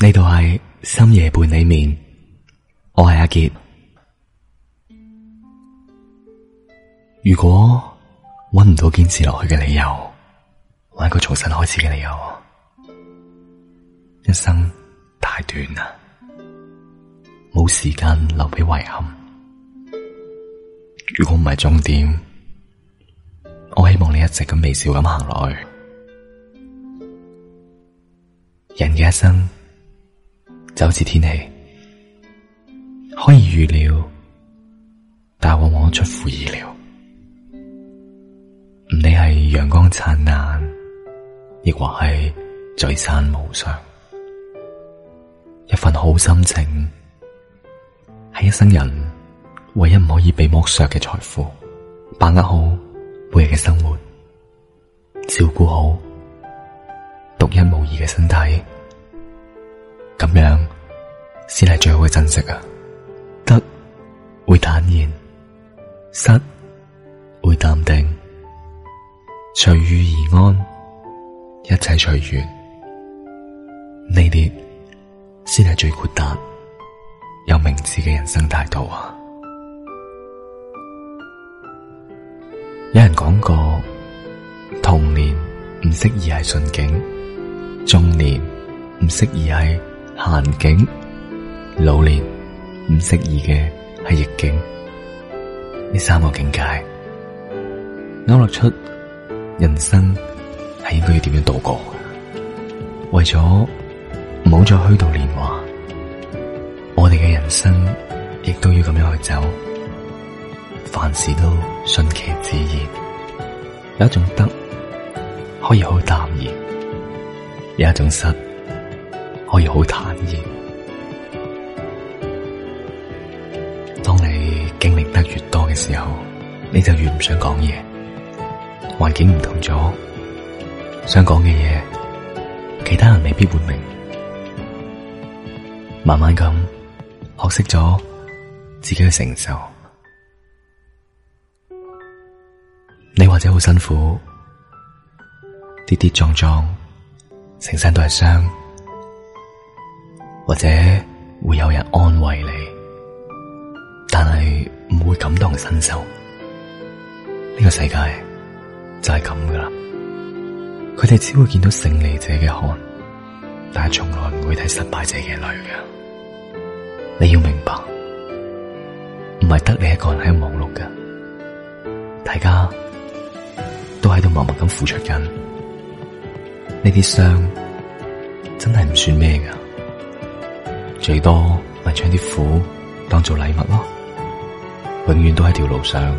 呢度係深夜伴你眠，我係阿杰。如果揾唔到堅持落去嘅理由，揾一個重新開始嘅理由。一生太短啦，冇時間留俾遺憾。如果唔係重點，我希望你一直咁微笑咁行落去。人嘅一生。就好似天氣，可以預料，但係往往出乎意料。唔理係陽光燦爛，亦或係聚散無常，一份好心情係一生人唯一唔可以被剝削嘅財富。把握好每日嘅生活，照顧好獨一無二嘅身體，咁樣。先係最好嘅珍惜啊！得會坦然，失會淡定，隨遇而安，一切隨緣。呢啲先係最豁達、有明智嘅人生態度啊！有人講過，童年唔適宜係順境，中年唔適宜係閒境。老年唔適宜嘅係逆境，呢三個境界勾勒出人生係應該要點樣度過。為咗唔好再虛度年華，我哋嘅人生亦都要咁樣去走。凡事都順其自然，有一種得可以好淡然，有一種失可以好坦然。時候你就越唔想講嘢，環境唔同咗，想講嘅嘢，其他人未必會明。慢慢咁學識咗自己嘅承受，你或者好辛苦，跌跌撞撞，成身都係傷，或者會有人安慰你。會感同身受，呢個世界就係咁噶啦。佢哋只會見到勝利者嘅汗，但係從來唔會睇失敗者嘅淚嘅。你要明白，唔係得你一個人喺度忙碌噶，大家都喺度默默咁付出緊。呢啲傷真係唔算咩噶，最多咪將啲苦當做禮物咯。永遠都喺條路上，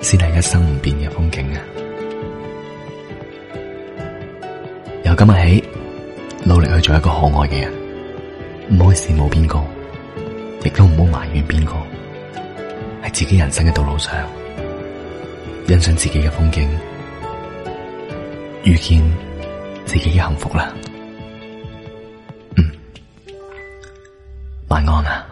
先係一生唔變嘅風景啊！由今日起，努力去做一個可愛嘅人，唔好羨慕邊個，亦都唔好埋怨邊個，喺自己人生嘅道路上，欣賞自己嘅風景，遇見自己嘅幸福啦！嗯，晚安啊！